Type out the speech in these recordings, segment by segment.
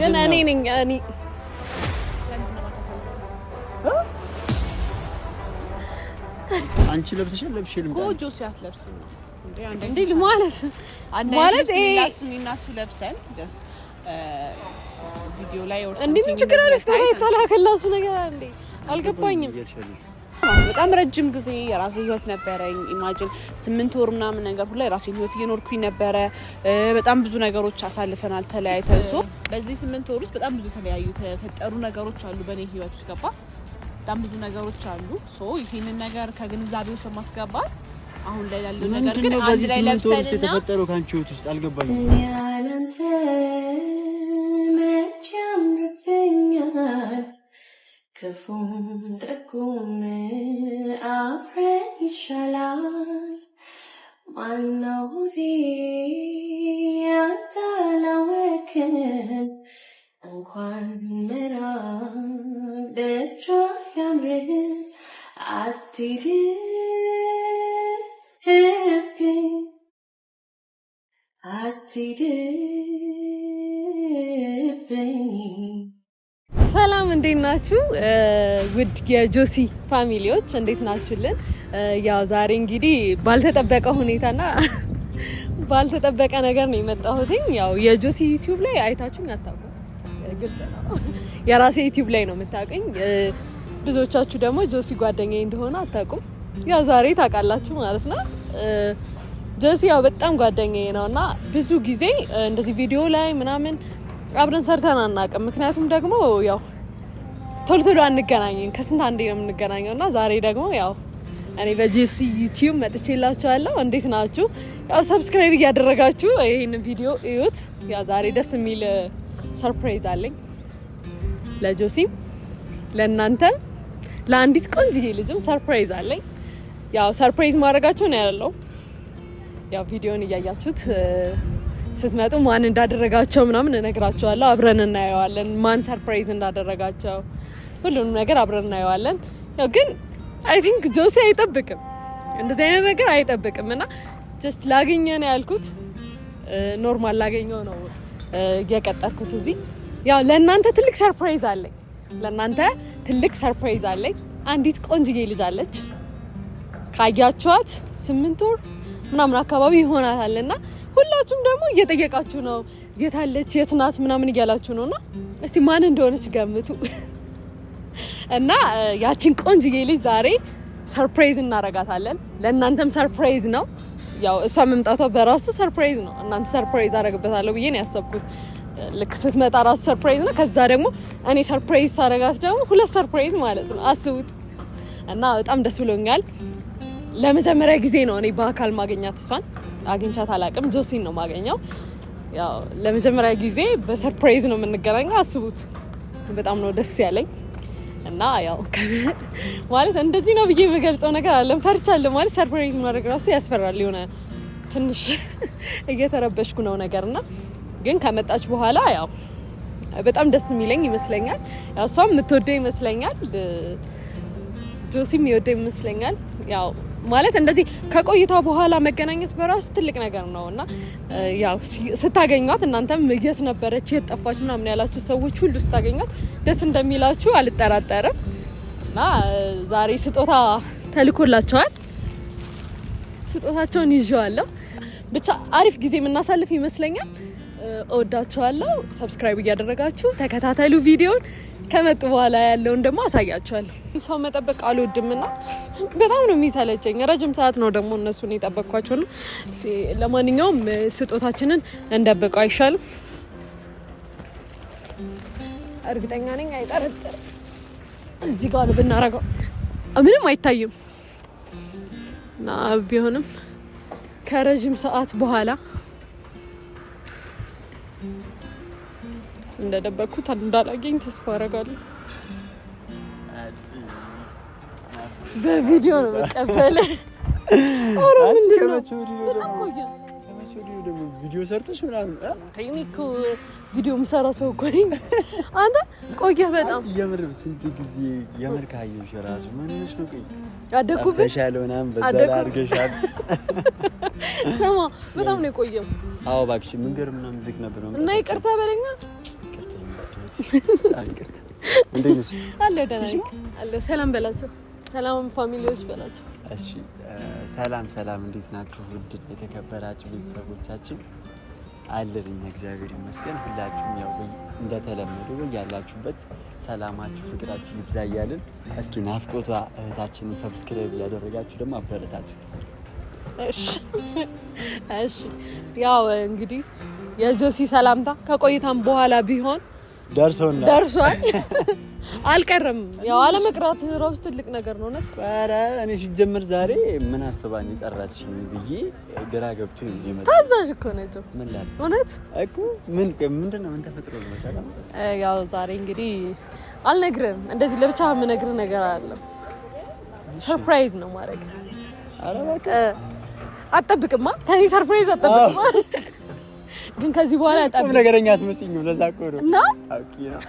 ግን እኔ ነኝ እኔ አንቺ ለብሰሻል ለብሽ ልምጣ ጎጆ ሲያት ለብስ ነው እንዴ ማለት ማለት እሱ ለብሰን ጀስት ቪዲዮ ላይ ኦር እንዴ ምን ችግር አለ? ስታይ ተላከላሱ ነገር አንዴ አልገባኝም። በጣም ረጅም ጊዜ የራሴ ህይወት ነበረኝ። ኢማጅን ስምንት ወር ምናምን ነገር ሁላ የራሴን ህይወት እየኖርኩኝ ነበረ። በጣም ብዙ ነገሮች አሳልፈናል ተለያይተን። ሶ በዚህ ስምንት ወር ውስጥ በጣም ብዙ የተለያዩ የተፈጠሩ ነገሮች አሉ በእኔ ህይወት ውስጥ ገባ። በጣም ብዙ ነገሮች አሉ። ሶ ይህንን ነገር ከግንዛቤ ውስጥ በማስገባት አሁን ላይ ያለው ነገር ግን አንድ ላይ ለብሰንና የተፈጠረው ከአንቺ ህይወት ውስጥ አልገባኝም Profonda come apreccialai, ma nodi atalaweken, anquan mera de joyamre attire epi, attire epi. ሰላም እንዴት ናችሁ? ውድ የጆሲ ፋሚሊዎች እንዴት ናችሁልን? ያው ዛሬ እንግዲህ ባልተጠበቀ ሁኔታና ባልተጠበቀ ነገር ነው የመጣሁትኝ። ያው የጆሲ ዩቲዩብ ላይ አይታችሁኝ አታውቁም፣ ግልጽ ነው። የራሴ ዩቲዩብ ላይ ነው የምታውቀኝ። ብዙዎቻችሁ ደግሞ ጆሲ ጓደኛ እንደሆነ አታውቁም። ያው ዛሬ ታውቃላችሁ ማለት ነው። ጆሲ ያው በጣም ጓደኛዬ ነው እና ብዙ ጊዜ እንደዚህ ቪዲዮ ላይ ምናምን አብረን ሰርተን አናውቅም። ምክንያቱም ደግሞ ያው ቶሎ ቶሎ አንገናኝም፣ ከስንት አንዴ ነው የምንገናኘው እና ዛሬ ደግሞ ያው እኔ በጄሲ ዩቲዩብ መጥቼላችኋለሁ። እንዴት ናችሁ? ያው ሰብስክራይብ እያደረጋችሁ ይህን ቪዲዮ እዩት። ያው ዛሬ ደስ የሚል ሰርፕራይዝ አለኝ ለጆሲም ለእናንተም ለአንዲት ቆንጅዬ ልጅም ሰርፕራይዝ አለኝ። ያው ሰርፕራይዝ ማድረጋቸው ነው ያለው። ያው ቪዲዮን እያያችሁት ስትመጡ ማን እንዳደረጋቸው ምናምን እነግራቸዋለሁ። አብረን እናየዋለን። ማን ሰርፕራይዝ እንዳደረጋቸው ሁሉንም ነገር አብረን እናየዋለን። ያው ግን አይ ቲንክ ጆሲ አይጠብቅም እንደዚህ አይነት ነገር አይጠብቅም እና ጀስት ላገኘ ነው ያልኩት። ኖርማል ላገኘው ነው እየቀጠርኩት እዚህ። ያው ለእናንተ ትልቅ ሰርፕራይዝ አለኝ። ለእናንተ ትልቅ ሰርፕራይዝ አለኝ። አንዲት ቆንጅዬ ልጅ አለች ካያችኋት ስምንት ወር ምናምን አካባቢ ይሆናታል እና ሁላችሁም ደግሞ እየጠየቃችሁ ነው የታለች የት ናት ምናምን እያላችሁ ነው እና እስቲ ማን እንደሆነች ገምቱ እና ያቺን ቆንጅዬ ልጅ ዛሬ ሰርፕራይዝ እናረጋታለን። ለእናንተም ሰርፕራይዝ ነው። ያው እሷ መምጣቷ በራሱ ሰርፕራይዝ ነው። እናንተ ሰርፕራይዝ አረግበታለሁ ብዬ ነው ያሰብኩት። ልክ ስትመጣ ራሱ ሰርፕራይዝ ነው። ከዛ ደግሞ እኔ ሰርፕራይዝ ሳረጋት ደግሞ ሁለት ሰርፕራይዝ ማለት ነው። አስቡት። እና በጣም ደስ ብሎኛል። ለመጀመሪያ ጊዜ ነው እኔ በአካል ማገኛት። እሷን አግኝቻት አላቅም። ጆሲን ነው ማገኘው። ያው ለመጀመሪያ ጊዜ በሰርፕራይዝ ነው የምንገናኘው። አስቡት። በጣም ነው ደስ ያለኝ እና ያው ማለት እንደዚህ ነው ብዬ የምገልጸው ነገር አለም። ፈርቻለሁ ማለት ሰርፕራይዝ ማድረግ ራሱ ያስፈራል። የሆነ ትንሽ እየተረበሽኩ ነው ነገር እና ግን ከመጣች በኋላ ያው በጣም ደስ የሚለኝ ይመስለኛል። ያው እሷም የምትወደው ይመስለኛል። ጆሲም የወደው ይመስለኛል ያው ማለት እንደዚህ ከቆይታ በኋላ መገናኘት በራሱ ትልቅ ነገር ነው እና ያው ስታገኟት እናንተም የት ነበረች የት ጠፋች ምናምን ያላችሁ ሰዎች ሁሉ ስታገኟት ደስ እንደሚላችሁ አልጠራጠርም። እና ዛሬ ስጦታ ተልኮላቸዋል። ስጦታቸውን ይዤዋለሁ። ብቻ አሪፍ ጊዜ የምናሳልፍ ይመስለኛል። እወዳችኋለሁ። ሰብስክራይብ እያደረጋችሁ ተከታተሉ ቪዲዮን ከመጡ በኋላ ያለውን ደግሞ አሳያቸዋለሁ። ሰው መጠበቅ አልወድምና በጣም ነው የሚሰለቸኝ። ረጅም ሰዓት ነው ደግሞ እነሱን የጠበቅኳቸው ነው። ለማንኛውም ስጦታችንን እንደበቀው አይሻልም? እርግጠኛ ነኝ፣ አይጠረጥርም። እዚህ ጋር ነው ብናረገው ምንም አይታይም እና ቢሆንም ከረዥም ሰዓት በኋላ እንደደበቅኩት እንዳላገኝ ተስፋ አደርጋለሁ። በቪዲዮ ነው መቀበል። ቪዲዮ ሰርተሽ ምናምን ቪዲዮ ሰው እኮ አንተ በጣም የምር ስንት ጊዜ የምር ነው ቆይ አደኩብሽ አድርገሻል። ስማ በጣም ነው የቆየው። አዎ እባክሽ ምናምን ዝግ ነበር እና ይቅርታ በለኛ ሰላም በላቸው። ሰላም ፋሚሊዎች በላቸው። እሺ ሰላም ሰላም፣ እንዴት ናችሁ? ውድ የተከበራችሁ ቤተሰቦቻችን አለብኝ እግዚአብሔር ይመስገን። ሁላችሁም ያው ወይ ያላችሁበት ሰላማችሁ፣ ፍቅራችሁ ይብዛ እያልን እስኪ ናፍቆቷ እህታችንን ሰብስክራይብ እያደረጋችሁ ደግሞ አበረታችሁ። እሺ፣ ያው እንግዲህ የጆሲ ሰላምታ ከቆይታም በኋላ ቢሆን ደርሶና ደርሷል። አልቀርም። ያው አለመቅራት ራሱ ትልቅ ነገር ነው። እውነት ኧረ እኔ ሲጀምር ዛሬ ምን አስባን የጠራችኝ ብዬ ግራ ገብቶ ይመጣ ታዛዥ እኮ ነች። ምን ላል እውነት እኮ ምን ምንድን ነው ምን ተፈጥሮ ነው መሰለህ። ያው ዛሬ እንግዲህ አልነግርም። እንደዚህ ለብቻ የምነግርህ ነገር አለ። ሰርፕራይዝ ነው ማድረግ። ኧረ በቃ አትጠብቅማ። ከእኔ ሰርፕራይዝ አጠብቅማ ግን ከዚህ በኋላ ጣም ነገረኛ አትመስኝም። ለዛ እኮ ነው እና ነው።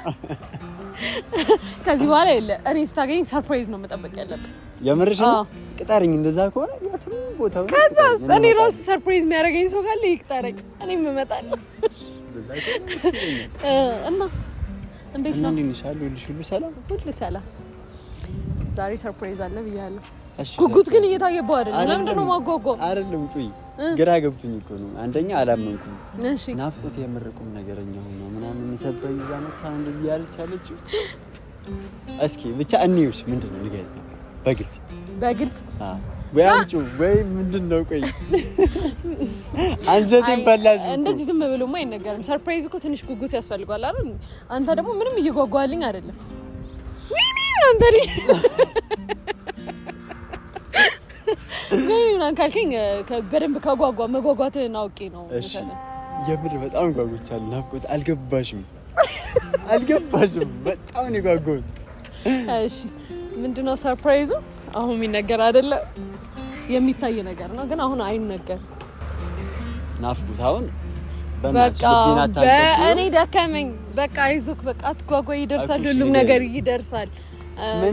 ከዚህ በኋላ የለ እኔ ስታገኝ ሰርፕራይዝ ነው መጠበቅ ያለብን። የምርሽ ነው? ቅጠርኝ። እንደዛ ከሆነ ያትም ቦታ ከዛ እኔ ራሱ ሰርፕራይዝ የሚያደርገኝ ሰው ካለ ይቅጠረኝ፣ እኔም እመጣለሁ። እና እንዴት ነው? ሁሉ ሰላም፣ ሁሉ ሰላም። ዛሬ ሰርፕራይዝ አለ ብያለሁ። ጉጉት ግን እየታየበው አይደለም። ለምንድን ነው ማጓጓ አይደለም ጥይ ግራ ገብቶኝ እኮ ነው። አንደኛ አላመንኩም። ናፍቆት የምርቁም ነገረኛ ሆኖ ምናምን ሰበኝ ይዛ መታ እንደዚህ አለችው። እስኪ ብቻ እንዩሽ ምንድን ነው ንገሪኝ በግልጽ በግልጽ ወይ አንቺ ወይ ምንድን ነው? ቆይ አንጀቴን በላሽ። እንደዚህ ዝም ብሎማ አይነገርም። ሰርፕራይዝ እኮ ትንሽ ጉጉት ያስፈልጓል አይደል? አንተ ደግሞ ምንም እየጓጓልኝ አይደለም። ወይኔ አንበሪ ምናምን ካልከኝ በደንብ ከጓጓ መጓጓትህን አውቄ ነው። እሺ የምር በጣም ጓጉቻለሁ። ናፍቆት አልገባሽም፣ አልገባሽም። በጣም ነው የጓጓሁት። እሺ ምንድነው ሰርፕራይዙ? አሁን የሚነገር አይደለም የሚታይ ነገር ነው፣ ግን አሁን አይነገር ናፍቁት አሁን በእኔ ደከመኝ። በቃ አይዞክ፣ በቃ አትጓጓ፣ ይደርሳል፣ ሁሉም ነገር ይደርሳል።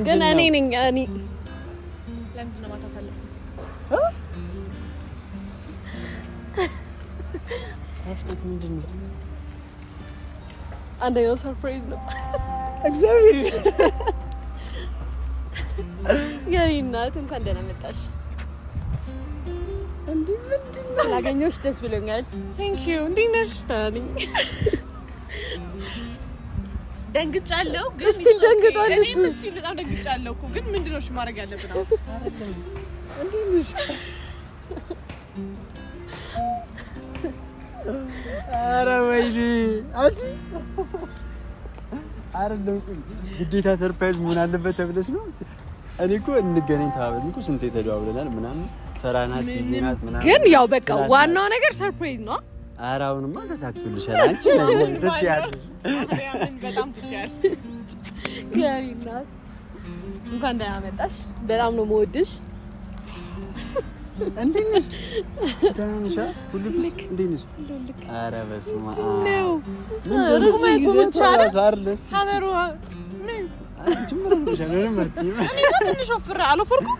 ግን እኔ ነኝ እኔ ነው ማታሳለፍ ናፍቆት ምንድን ነው? አንደኛው ሰርፕራይዝ ነው። እግዚአብሔር የኔ እናት እንኳን ደህና መጣሽ። እንዴ ምንድን ነው? ስላገኘሁሽ ደስ ብሎኛል። ቴንክ ዩ። እንዴት ነሽ? ደንግጫለሁ፣ ግን ስቲል ደንግጧል። እሱ በጣም ደንግጫለሁ እኮ ግን ምንድን ነው እሺ ማድረግ ያለብን አሁን ኧረ ወይኔ አይደለም ግዴታ ሰርፕራይዝ መሆን አለበት ተብለሽ ነው። እኔ እኮ እንገናኝ ተባብለን እኮ ስንቴ ተደዋውለናል ምናምን ሰራናት ጊዜ ምናምን፣ ግን ያው በቃ ዋናው ነገር ሰርፕራይዝ ነው። ኧረ አሁንማ ተሳክቶልሻል። አንቺ በጣም እንኳን ደህና መጣሽ። በጣም ነው የምወድሽ እንዴት ነሽ? ደህና ነሽ? ሁሉ ልክ እንዴት ነሽ? ኧረ በስመ አብ ቁመቱ ብቻ ከበሮ ትንሽ ወፍሬ አልወፈርኩም።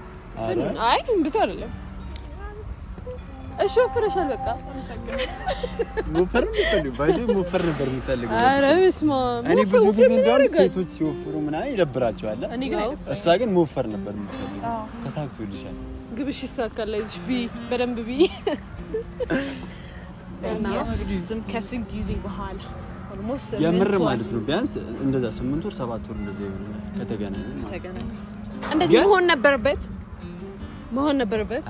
አይ ብዙ አይደለም። ነበር ሴቶች ሲወፍሩ ምናምን ይደብራቸዋል። እሷ ግን መወፈር ነበር የምትፈልገው። ተሳክቶልሻል። ግብሽ ይሳካል። ቢ በደንብ ቢ ስም ከስንት ጊዜ በኋላ የምር ማለት ነው። ቢያንስ እንደዛ ስምንት ወር ሰባት ወር እንደዛ ይሆናል ከተገናኘን እንደዚህ መሆን ነበረበት መሆን ነበረበት።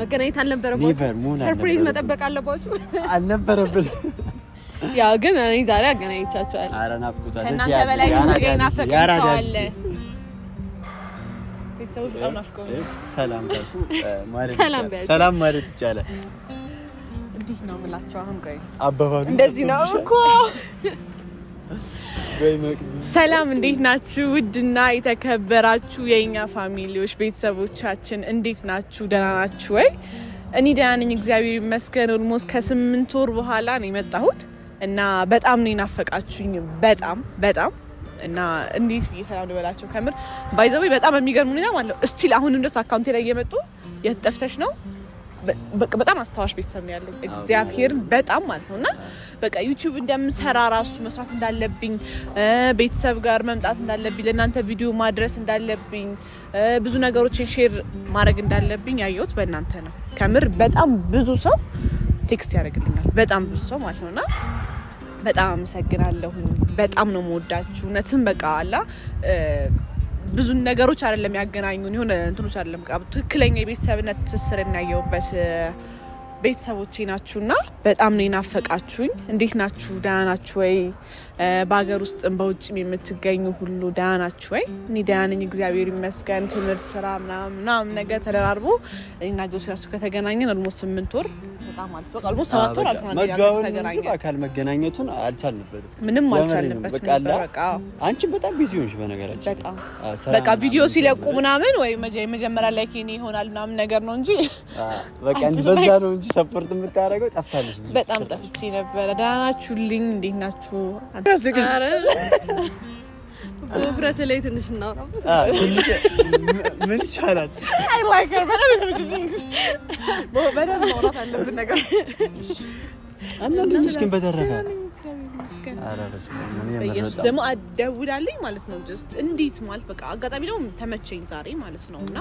መገናኘት አልነበረባችሁ። ሰርፕሪዝ መጠበቅ አለባችሁ አልነበረብን። ያው ግን እኔ ዛሬ አገናኝቻችኋል። ኧረ ናፍቆታል። ከእናንተ በላይ ናፍቄያችኋለሁ። ቤተሰቦች በጣም ናፍቀውኛል። ሰላም ሰላም ማለት ይቻላል። እንዲህ ነው የምላቸው። አሁን ቆይ አባባሉ እንደዚህ ነው እኮ። ሰላም እንዴት ናችሁ? ውድና የተከበራችሁ የእኛ ፋሚሊዎች ቤተሰቦቻችን እንዴት ናችሁ? ደህና ናችሁ ወይ? እኔ ደህና ነኝ እግዚአብሔር ይመስገን። ኦልሞስት ከስምንት ወር በኋላ ነው የመጣሁት እና በጣም ነው የናፈቃችሁኝ። በጣም በጣም እና እንዴት ብዬ ሰላም ልበላቸው? ከምር ባይዘው በጣም የሚገርም ሁኔታ ማለት ነው። እስቲል አሁንም ድረስ አካውንቴ ላይ እየመጡ የተጠፍተሽ ነው በጣም አስታዋሽ ቤተሰብ ነው ያለኝ፣ እግዚአብሔርን በጣም ማለት ነው። እና በቃ ዩቲዩብ እንደምሰራ ራሱ መስራት እንዳለብኝ፣ ቤተሰብ ጋር መምጣት እንዳለብኝ፣ ለእናንተ ቪዲዮ ማድረስ እንዳለብኝ፣ ብዙ ነገሮችን ሼር ማድረግ እንዳለብኝ ያየሁት በእናንተ ነው። ከምር በጣም ብዙ ሰው ቴክስት ያደርግልኛል፣ በጣም ብዙ ሰው ማለት ነው እና በጣም አመሰግናለሁኝ። በጣም ነው መወዳችሁ። እውነትም በቃ አላ ብዙ ነገሮች አይደለም ያገናኙን የሆነ እንትኖች አይደለም በቃ ትክክለኛ የቤተሰብነት ትስስር የሚያየውበት ቤተሰቦቼ ናችሁና በጣም ነው የናፈቃችሁኝ። እንዴት ናችሁ? ደህና ናችሁ ወይ? በሀገር ውስጥም በውጭም የምትገኙ ሁሉ ደህና ናችሁ ወይ? እኔ ደህና ነኝ እግዚአብሔር ይመስገን። ትምህርት፣ ስራ ምናምን ነገር ተደራርቦ እና ጆሲያሱ ከተገናኘን አልሞ ስምንት ወር በጣም መገናኘቱን አልቻልንበትም፣ ምንም አልቻልንበትም። አንቺም በጣም ቢዚ ሆንሽ በነገራችን በቃ ቪዲዮ ሲለቁ ምናምን ወይ መጀመሪያ ላይ ኬኔ ይሆናል ምናምን ነገር ነው እንጂ በቃ በዛ ነው እንጂ ሰፖርት የምታደርገው ጠፍታለች። በጣም ጠፍቼ ነበረ። ደህና ናችሁልኝ? እንዴት ናችሁ? እንዳስቅሽ በውፍረት ላይ ትንሽ እናውራበት። ምን ይሻላል? በደንብ ማውራት አለብን ነገር አንዳንድ ግን በተረፈ ደግሞ ማለት ነው። ጀስት እንዴት ማለት በቃ አጋጣሚ ደግሞ ተመቸኝ ዛሬ ማለት ነው። እና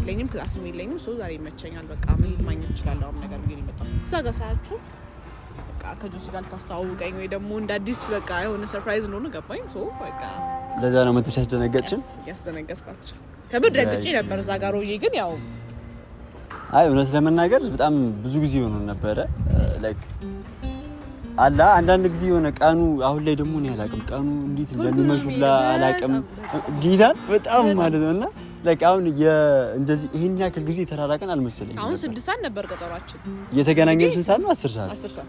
የለኝም የለኝም። ሰው ዛሬ ይመቸኛል በቃ ማግኘት እችላለሁ ነገር ይመጣ እዛ ጋር ሳያችሁ በቃ ከጆሲ ጋር ልታስተዋውቀኝ ወይ ደግሞ እንደ አዲስ በቃ የሆነ ሰርፕራይዝ እንደሆነ ገባኝ። ሶ በቃ ለዛ ነው መተሽ ያስደነገጥሽም ያስደነገጥኳቸው ከብድ ረግጬ ነበር እዛ ጋር ሆኜ ግን ያው አይ እውነት ለመናገር በጣም ብዙ ጊዜ ሆኖ ነበረ ላይክ አለ አንዳንድ ጊዜ የሆነ ቀኑ አሁን ላይ ደግሞ እኔ አላቅም ቀኑ እንዴት እንደሚመሹላ አላቅም። ጌታን በጣም ማለት ነው እና ላይክ አሁን እንደዚህ ይሄን ያክል ጊዜ የተራራቀን አልመሰለኝም። አሁን ስድስት ሰዓት ነበር ቀጠሯችን። የተገናኘን ስንት ሰዓት ነው? አስር ሰዓት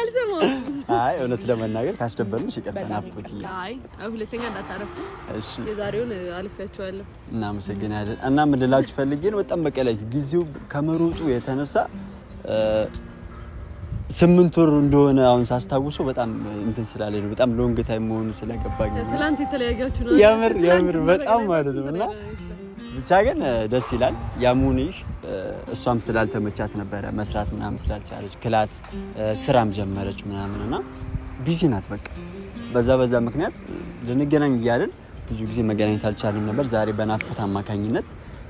አልሰማሁም። አይ እውነት ለመናገር ካስደበርንሽ ይቅርታ ናፍቆት። አይ ሁለተኛ እንዳታረፍ። እሺ የዛሬውን አልፌያችኋለሁ። እናመሰግናለን። እና ምን ልላችሁ ፈልጌ ነው በጣም በቀላጅ ጊዜው ከመሮጡ የተነሳ ስምንት ወር እንደሆነ አሁን ሳስታውሰው በጣም እንትን ስላለኝ ነው በጣም ሎንግ ታይም መሆኑ ስለገባኝ ትላንት የተለያያችሁ ነው የምር የምር በጣም ማለት ነው እና ብቻ ግን ደስ ይላል። ያሙኒሽ እሷም ስላልተመቻት ነበረ መስራት ምናምን ስላልቻለች ክላስ ስራም ጀመረች ምናምን እና ቢዚ ናት በቃ። በዛ በዛ ምክንያት ልንገናኝ እያልን ብዙ ጊዜ መገናኘት አልቻልም ነበር። ዛሬ በናፍቆት አማካኝነት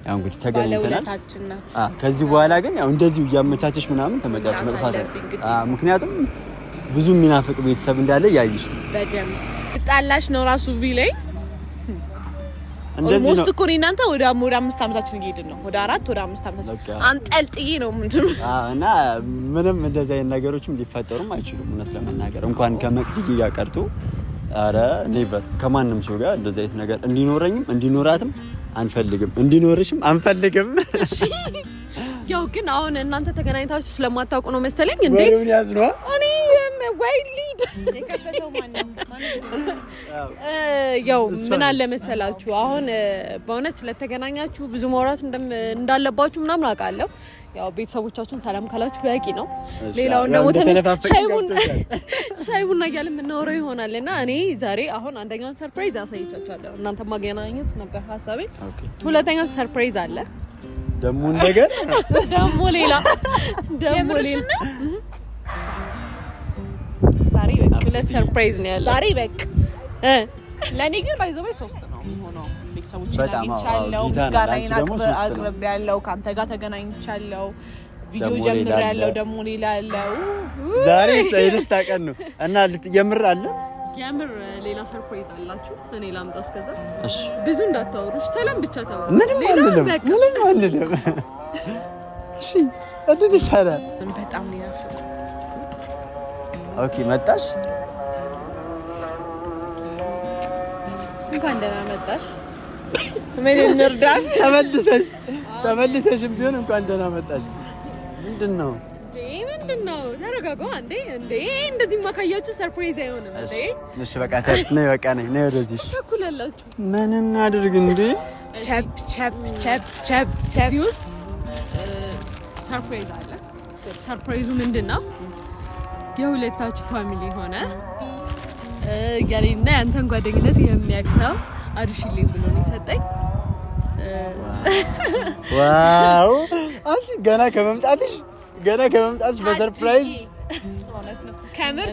ያው እንግዲህ ተገናኝተናል። ከዚህ በኋላ ግን ያው እንደዚሁ እያመቻቸች ምናምን ተመቻች መጥፋት ምክንያቱም ብዙ የሚናፍቅ ቤተሰብ እንዳለ እያይሽ ነው። ጣላሽ ነው ራሱ ቢለኝ እንደዚህ እኮ እኮ እናንተ ወደ አምስት ዓመታችን እየሄድን ነው። ወደ አራት ወደ አምስት ዓመታችን አንጠልጥዬ ነው ምንድን እና ምንም እንደዚህ አይነት ነገሮችም ሊፈጠሩም አይችሉም። እውነት ለመናገር እንኳን ከመቅድዬ ጋር ቀርቶ ኧረ ኔቨር ከማንም ሰው ጋር እንደዚህ አይነት ነገር እንዲኖረኝም እንዲኖራትም አንፈልግም፣ እንዲኖርሽም አንፈልግም። ያው ግን አሁን እናንተ ተገናኝታችሁ ስለማታውቁ ነው መሰለኝ እንዴ ወይም ያዝ ነው እኔ ወይ ሊድ ያው ምን አለ መሰላችሁ አሁን በእውነት ስለተገናኛችሁ ብዙ ማውራት እንዳለባችሁ ምናምን አውቃለሁ። ያው ቤተሰቦቻችሁን ሰላም ካላችሁ በቂ ነው። ሌላውን ደግሞ ሻይ ቡና እያልን የምናወራው ይሆናል እና እኔ ዛሬ አሁን አንደኛውን ሰርፕራይዝ አሳይቻችኋለሁ። እናንተ ማገናኘት ነበር ሀሳቤ ሁለተኛው ሰርፕራይዝ አለ ደግሞ እንደገና ደግሞ ሌላ ደግሞ ሌላ ዛሬ በቃ ሁለት ሰርፕራይዝ ነው ያለው ዛሬ በቃ ለእኔ ግን ባይዘበይ ሶስት ነው የሚሆነው። ቤተሰቦችን አግኝቻለሁ፣ ምስጋናዬን አቅርቤያለሁ፣ ከአንተ ጋር ተገናኝቻለሁ፣ ቪዲዮ ጀምሬያለሁ። ደግሞ ሌላ አለው ዛሬ ሰይድሽ ታውቀን ነው እና የምር አለ የምር ሌላ ሰርፕራይዝ አላችሁ? እኔ ላምጣው። እስከዛ እሺ፣ ብዙ እንዳታወሩሽ፣ ሰላም ብቻ ታወሩ። ምንም አልልም፣ ምንም አልልም። እሺ፣ አድርሽ። ታዲያ በጣም ነው ያፈር። ኦኬ፣ መጣሽ። እንኳን ደህና መጣሽ። ምን እንርዳሽ? ተመልሰሽ ተመልሰሽም ቢሆን እንኳን ደህና መጣሽ። ምንድን ነው ምንድን ነው? ተረጋጋ። እንዴ እንዴ! እንደዚህ ማካያችሁ ሰርፕራይዝ አይሆንም። እሺ በቃ ተት ነው በቃ ነኝ ነው ወደዚህ ቸኩላላችሁ። ምን እናድርግ እንዴ? ቸፕ ቸፕ ቸፕ ቸፕ ቸፕ ውስጥ ሰርፕራይዝ አለ። ሰርፕራይዙ ምንድን ነው? የሁለታችሁ ፋሚሊ ሆነ ያኔና ያንተን ጓደኝነት የሚያክሰው አድርሽልኝ ብሎ ነው የሰጠኝ። ዋው! አንቺ ገና ከመምጣትሽ ገና ከመምጣት በሰርፕራይዝ ከምር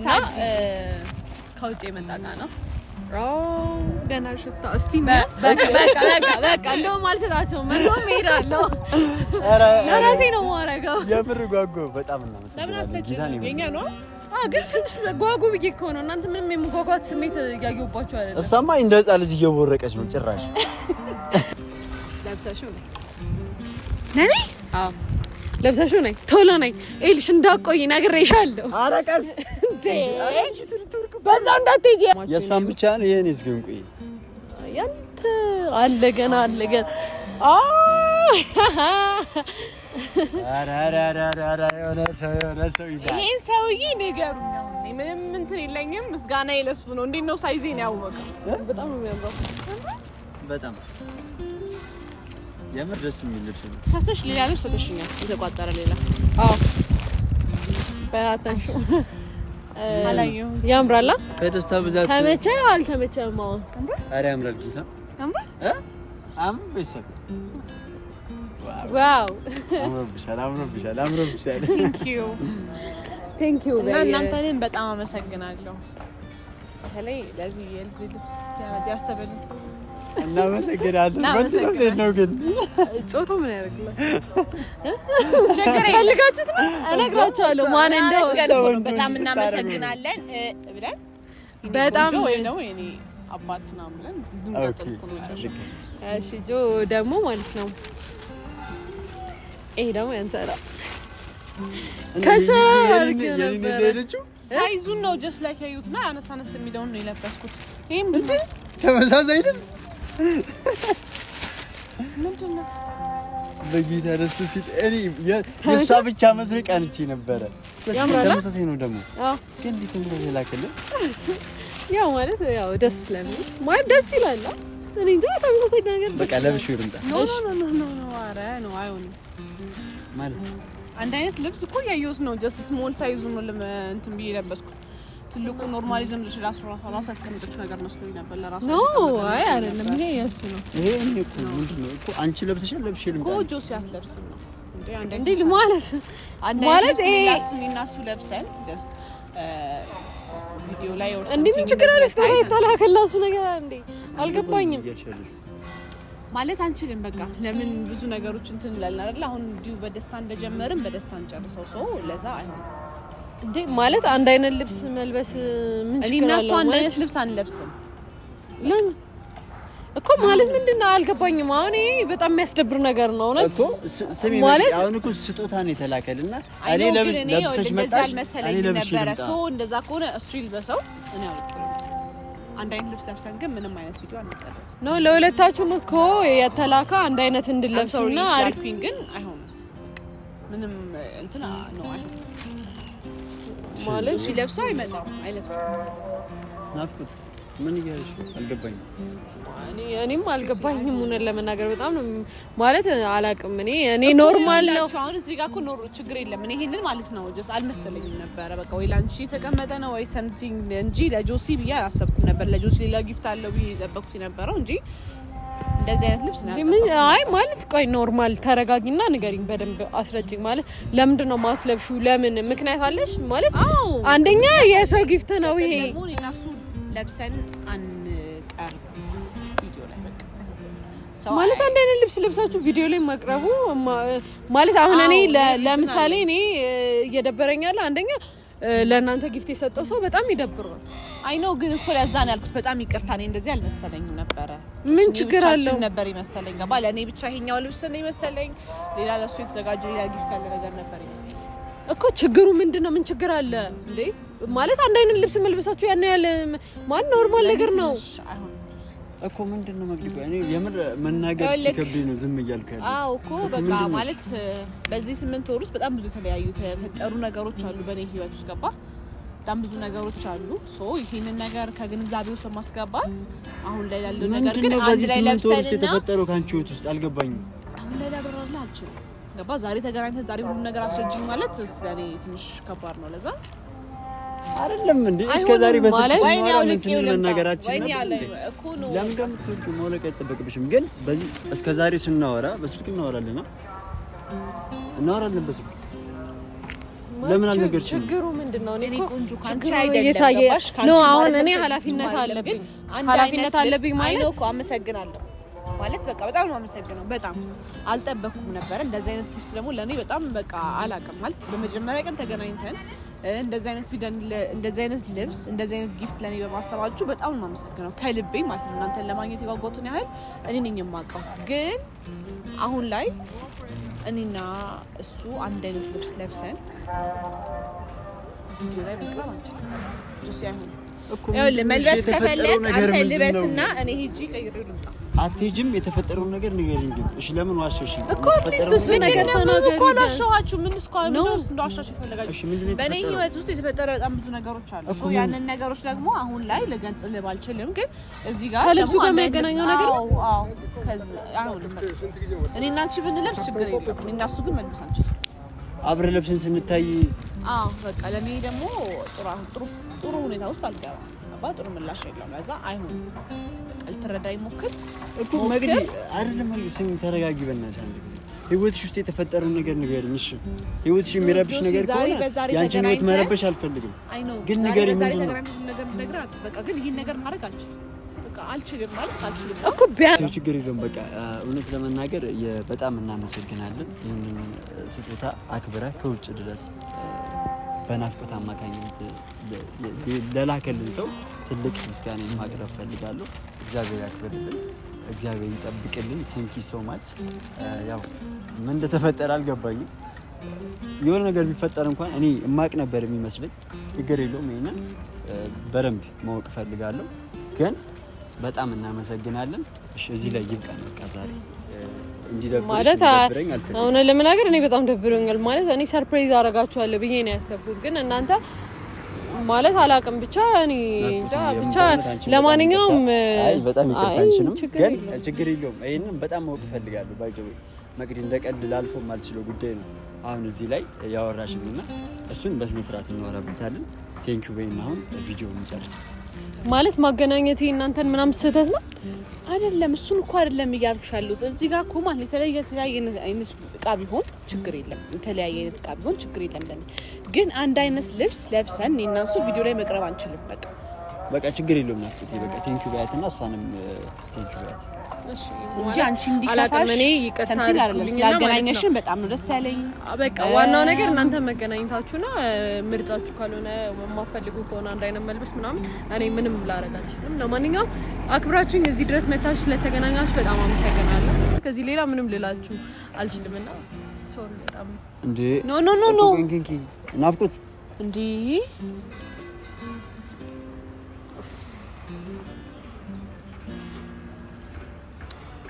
ከውጭ የመጣ እቃ ነው። ገና ሽታ እስቲ እንደውም አልሰጣቸውም። እሄዳለሁ ለራሴ ነው የማደርገው። የምር ጓጉ በጣም ግን ትንሽ ጓጉ ብዬ እኮ ነው። እናንተ ምንም ስሜት እያየሁባቸው አይደለም። እሷማ እንደ ልጅ እየቦረቀች ነው ጭራሽ ለብሰሽው ነው ለብሰሽ ነኝ ቶሎ ነኝ ኤልሽ እንዳቆይ ነግሬሻለሁ። ኧረ ቀስ በዛው እንዳትሄጂ። የእሷን ብቻ ነው ይሄን ዝግን ቆይ ያንተ አለ ገና አለ ገና ይሄን ሰውዬ ንገሩ። ምንም እንትን የለኝም፣ ምስጋና የለሱ ነው። እንዴት ነው ሳይዜን ያወቀው? በጣም ነው የሚያምረው። በጣም የምር ደስ የሚል ልብስ ነው። ሳስተሽ ሌላ ልብስ ሰተሽኛል። የተቋጠረ ሌላ አዎ፣ በታታሹ አላየሁ። ያምራላ ከደስታ ብዛት ተመቸ አልተመቸም? አዎ፣ ኧረ ያምራል። ጌታ ያምራል። ዋው፣ አምሮብሻል፣ አምሮብሻል፣ አምሮብሻል። ቴንክ ዩ ቴንክ ዩ። እና እናንተንም በጣም አመሰግናለሁ። በተለይ ለዚህ የልጅ ልብስ ያመጣ ያሰበልኝ እናመሰግናለን። ሴት ነው ግን ጾቶ ምን ያደርግላል? ችግር ፈልጋችሁት ነው። እነግራቸዋለሁ ማን እንደው በጣም እናመሰግናለን ብለን በጣም ነው የእኔ አባት ምናምን ብለን እሺ። ጆ ደግሞ ማለት ነው ይሄ ደግሞ ያንተ ከስራ አድርጌ ነበረ ሳይዙን ነው ጀስት ላይክ ያዩትና አነሳነስ የሚለውን ነው የለበስኩት። ይሄም ተመሳሳይ ልብስ በጌታ ደስ ሲል እኔ የእሷ ብቻ መስሎኝ ቀንቼ ነበረ። ተመሳሳይ ነው ደግሞ ግን እንዴት እንደዚህ ያው ማለት ያው ደስ ስለሚል ማለት ደስ ይላል። እኔ እንጃ ተመሳሳይ ነገር በቃ ለብሽ ይርምጣ ማለት አንድ አይነት ልብስ እኮ ያየሁት ነው። ጀስት ስሞል ሳይዙ ነው እንትን ብዬ ለበስኩት ትልቁ ኖርማሊዝም ልጅ ራሱ ራሱ ያስቀምጠችው ነገር መስሎኝ ነበር። ለራሱ ኖ አይ አይደለም፣ ይሄ የሱ ነው። ይሄ እኔ እኮ ምንድን ነው እኮ አንቺ ለብሰሻል፣ ልም እኮ ሲያት አትለብስም ነው እንዴ ማለት ማለት ይሄ እኔና እሱ ለብሰን ጀስት ቪዲዮ ላይ ወርሰን እንዴ ምን ችግር አለ? ስለ ተላከላሱ ነገር እንዴ አልገባኝም። ማለት አንችልም። በቃ ለምን ብዙ ነገሮች እንትን እንላለን አይደል? አሁን እንዲሁ በደስታ እንደጀመርን በደስታ እንጨርሰው። ሰው ለዛ አይሆንም እንዴ ማለት አንድ አይነት ልብስ መልበስ ምን ችግር አለው? እኔ እና አንድ አይነት ልብስ አንለብስም። ለምን እኮ ማለት ምንድነው? አልገባኝም። አሁን ይሄ በጣም የሚያስደብር ነገር ነው ነው እኮ ስሚ፣ ማለት አሁን እኮ ስጦታ ነው የተላከልና እኔ ለብሰሽ መጣሽ፣ እኔ ለብሽ ነበር። ሶ እንደዛ ከሆነ እሱ ይልበሰው እኔ አውቄ አንድ አይነት ልብስ ለብሰን ግን ምንም አይነት ቪዲዮ አንቀርጽ ነው። ለሁለታችሁም እኮ የተላከ አንድ አይነት እንድለብሰውና አሪፍ ግን አይሆንም። ምንም እንትና ነው አይደል ማለት ሲለብሱ አይመጣም አይለብስም። ናፍቁት ምን እያለሽ አልገባኝም። እኔም አልገባኝም። እውነት ለመናገር በጣም ነው ማለት አላውቅም። እኔ እኔ ኖርማል ነው። አሁን እዚህ ጋር እኮ ኖር ችግር የለም። እኔ ይሄንን ማለት ነው ጀስት አልመሰለኝም ነበረ። በቃ ወይ ላንቺ የተቀመጠ ነው ወይ ሰምቲንግ እንጂ ለጆሲ ብዬ አላሰብኩም ነበር። ለጆሲ ሌላ ጊፍት አለው ብዬ የጠበኩት የነበረው እንጂ እንደዚህ አይነት ልብስ ምን አይ ማለት ቆይ ኖርማል ተረጋጊና ንገሪኝ በደንብ አስረጭኝ። ማለት ለምንድን ነው ማትለብሹ? ለምን ምክንያት አለሽ? ማለት አንደኛ የሰው ጊፍት ነው ይሄ። ለብሰን አንቀርብ ማለት አንድ አይነት ልብስ ለብሳችሁ ቪዲዮ ላይ መቅረቡ ማለት አሁን እኔ ለምሳሌ እኔ እየደበረኛለ አንደኛ ለእናንተ ጊፍት የሰጠው ሰው በጣም ይደብሯል። አይ ነው ግን እኮ ለዛ ነው ያልኩት። በጣም ይቅርታ፣ እኔ እንደዚህ አልመሰለኝም ነበረ። ምን ችግር አለው ነበር ይመሰለኝ። ገባ ለእኔ ብቻ ይሄኛው ልብስ ነው ይመሰለኝ። ሌላ ለሱ የተዘጋጀ ሌላ ጊፍት ያለ ነገር ነበር ይመስለኝ እኮ። ችግሩ ምንድን ነው? ምን ችግር አለ እንዴ? ማለት አንድ አይነት ልብስ መልበሳችሁ ያን ያለ ማን ኖርማል ነገር ነው። እኮ ምንድን ነው መግለጫ? እኔ የምር መናገር ሲከብኝ ነው ዝም እያልኩ ያለሁት። አዎ እኮ በቃ ማለት በዚህ ስምንት ወር ውስጥ በጣም ብዙ የተለያዩ የተፈጠሩ ነገሮች አሉ በእኔ ህይወት ውስጥ ገባ። በጣም ብዙ ነገሮች አሉ። ሶ ይህንን ነገር ከግንዛቤ ውስጥ በማስገባት አሁን ላይ ያለው ነገር ግን አንድ ላይ ለብሰን የተፈጠረው ከአንቺ ህይወት ውስጥ አልገባኝም። አሁን ላይ ላብራራልህ አልችልም። ገባ ዛሬ ተገናኝተን ዛሬ ሁሉ ነገር አስረጅኝ ማለት ስለኔ ትንሽ ከባድ ነው ለዛ አይደለም እንዴ? እስከ ዛሬ በስልክ መናገራችን ለምን ከምትወርቅ መውለቅ አይጠበቅብሽም። ግን በዚህ እስከ ዛሬ ስናወራ በስልክ እናወራለን እናወራለን በስልክ ለምን አልነገርሽኝ? ችግሩ ምንድነው? እኔ ቆንጆ ካንቺ አይደለም። ነው። አሁን እኔ ኃላፊነት አለብኝ ኃላፊነት አለብኝ ማለት ነው። እኮ አመሰግናለሁ ማለት በቃ በጣም ነው አመሰግነው። በጣም አልጠበኩም ነበረ እንደዚህ አይነት ጊፍት ደግሞ ለእኔ በጣም በቃ አላውቅም ማለት በመጀመሪያ ቀን ተገናኝተን እንደዚህ አይነት ፊደን እንደዚህ አይነት ልብስ እንደዚህ አይነት ጊፍት ለእኔ በማሰባችሁ በጣም ነው የማመሰግነው ከልቤ ማለት ነው። እናንተን ለማግኘት የጓጓሁትን ያህል እኔ ነኝ የማውቀው። ግን አሁን ላይ እኔና እሱ አንድ አይነት ልብስ ለብሰን ቪዲዮ ላይ መቅረብ አንችልም። መልበስ ከፈለግ አንተ ልበስና እኔ ሂጂ ቀይሬ ልምጣ አትሄጂም የተፈጠረውን ነገር ንገሪኝ ግን እሺ ለምን ዋሸሽ እኮ አትሊስት እሱ ነገር ተናገሪ እኮ አላሸኋችሁ ምን እስኳ ነው እንዳሸሽ ይፈልጋችሁ በእኔ ህይወት ውስጥ የተፈጠረ በጣም ብዙ ነገሮች አሉ ሶ ያንን ነገሮች ደግሞ አሁን ላይ ልገልጽልህ ባልችልም ግን እዚህ ጋር ከልብሱ ጋር የሚያገናኘው ነገር አዎ አዎ ከዚህ አሁን እኔ እና አንቺ ብንለብስ ችግር የለም እኔ እና እሱ ግን መልበስ አንችልም አብረ ለብሰን ስንታይ አዎ በቃ ለእኔ ደግሞ ጥሩ ጥሩ ሁኔታ ውስጥ አልገባም ጥሩ ምላሽ የለም። ለዛ አይሆንም ልትረዳ ይሞክር እኮ መግዲ አይደለም። ስሚ ተረጋጊ፣ በእናትሽ አንድ ጊዜ ህይወትሽ ውስጥ የተፈጠረውን ነገር ንገሪኝ። እሺ ህይወትሽ የሚረብሽ ነገር ከሆነ ያንቺን ህይወት መረበሽ አልፈልግም፣ ግን ንገሪኝ። ነገር ነው በቃ ግን ይህን ነገር ማድረግ አልችልም አልችልም ችግር የለውም። በቃ እውነት ለመናገር በጣም እናመሰግናለን። ይህንን ስጦታ አክብራ ከውጭ ድረስ በናፍቆት አማካኝነት ለላከልን ሰው ትልቅ ምስጋና ማቅረብ ፈልጋለሁ። እግዚአብሔር ያክብርልን፣ እግዚአብሔር ይጠብቅልን። ቴንኪ ሶ ማች። ያው ምን እንደተፈጠረ አልገባኝም። የሆነ ነገር ቢፈጠር እንኳን እኔ እማቅ ነበር የሚመስለኝ። ችግር የለውም። ይህንን በደንብ ማወቅ እፈልጋለሁ። ግን በጣም እናመሰግናለን። እዚህ ላይ ይብቃን በቃ ዛሬ ማለት እውነት ለመናገር እኔ በጣም ደብሮኛል። ማለት እኔ ሰርፕራይዝ አደርጋችኋለሁ ብዬ ነው ያሰብኩት፣ ግን እናንተ ማለት አላውቅም። ብቻ እኔ ብቻ ለማንኛውም በጣም ችግር የለውም። ይሄንን በጣም ማወቅ እፈልጋለሁ። ባይ ዘ ወይ እንደ ቀልድ ላልፎ ማልችለው ጉዳይ ነው አሁን እዚህ ላይ ያወራሽንና እሱን በስነ ስርዓት እናወራበታለን። ቴንኪው በይም አሁን ቪዲዮ እንጨርሰው ማለት ማገናኘት እናንተን ምናምን ስህተት ነው አይደለም። እሱን እኮ አይደለም እያልኩሽ ያሉት እዚህ ጋር እኮ ማለት የተለያየ የተለያየ አይነት እቃ ቢሆን ችግር የለም። የተለያየ አይነት እቃ ቢሆን ችግር የለም። ለእኔ ግን አንድ አይነት ልብስ ለብሰን እኔና እሱ ቪዲዮ ላይ መቅረብ አንችልም። በቃ በቃ ችግር የለውም ናፍቁት በቃ ቴንኪ በያት እና እሷንም ቴንኪ በያት እንጂ አንቺ እንዲከፋሽ ሰምቲን አይደለም። ስላገናኘሽን በጣም ነው ደስ ያለኝ። በቃ ዋናው ነገር እናንተ መገናኘታችሁና ምርጫችሁ ካልሆነ የማፈልጉ ከሆነ አንድ አይነት መልበስ ምናምን እኔ ምንም ላደርግ አልችልም። ለማንኛውም አክብራችሁኝ እዚህ ድረስ መታችሁ ስለተገናኛችሁ በጣም አመሰግናለሁ። ከዚህ ሌላ ምንም ልላችሁ አልችልም ና ሶሪ በጣም እንዴ ኖ ኖ ኖ ኖ ናፍቁት እንዲህ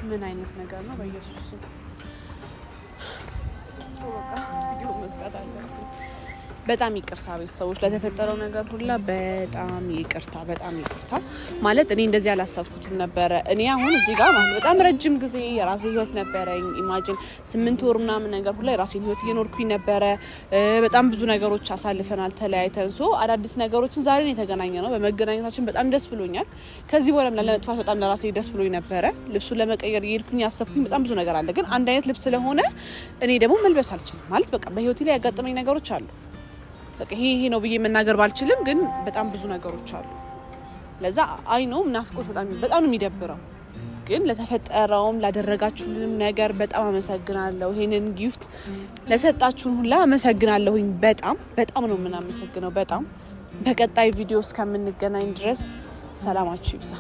ምን አይነት ነገር ነው? በኢየሱስ ስም መዝጋት አለ። በጣም ይቅርታ ቤተሰቦች፣ ለተፈጠረው ነገር ሁላ በጣም ይቅርታ፣ በጣም ይቅርታ። ማለት እኔ እንደዚህ አላሰብኩትም ነበረ። እኔ አሁን እዚህ ጋር ማለት በጣም ረጅም ጊዜ የራሴ ህይወት ነበረኝ። ኢማጂን ስምንት ወር ምናምን ነገር ሁላ የራሴን ህይወት እየኖርኩኝ ነበረ። በጣም ብዙ ነገሮች አሳልፈናል ተለያይተን። ሶ አዳዲስ ነገሮችን ዛሬን የተገናኘ ነው። በመገናኘታችን በጣም ደስ ብሎኛል። ከዚህ በኋላ ለመጥፋት በጣም ለራሴ ደስ ብሎኝ ነበረ። ልብሱን ለመቀየር የሄድኩኝ ያሰብኩኝ በጣም ብዙ ነገር አለ። ግን አንድ አይነት ልብስ ስለሆነ እኔ ደግሞ መልበስ አልችልም። ማለት በቃ በህይወቴ ላይ ያጋጠመኝ ነገሮች አሉ በቃ ይሄ ይሄ ነው ብዬ መናገር ባልችልም ግን በጣም ብዙ ነገሮች አሉ። ለዛ አይ ነው ናፍቆት በጣም በጣም ነው የሚደብረው። ግን ለተፈጠረውም ላደረጋችሁንም ነገር በጣም አመሰግናለሁ። ይሄንን ጊፍት ለሰጣችሁን ሁላ አመሰግናለሁኝ። በጣም በጣም ነው የምናመሰግነው። በጣም በቀጣይ ቪዲዮ እስከምንገናኝ ድረስ ሰላማችሁ ይብዛ።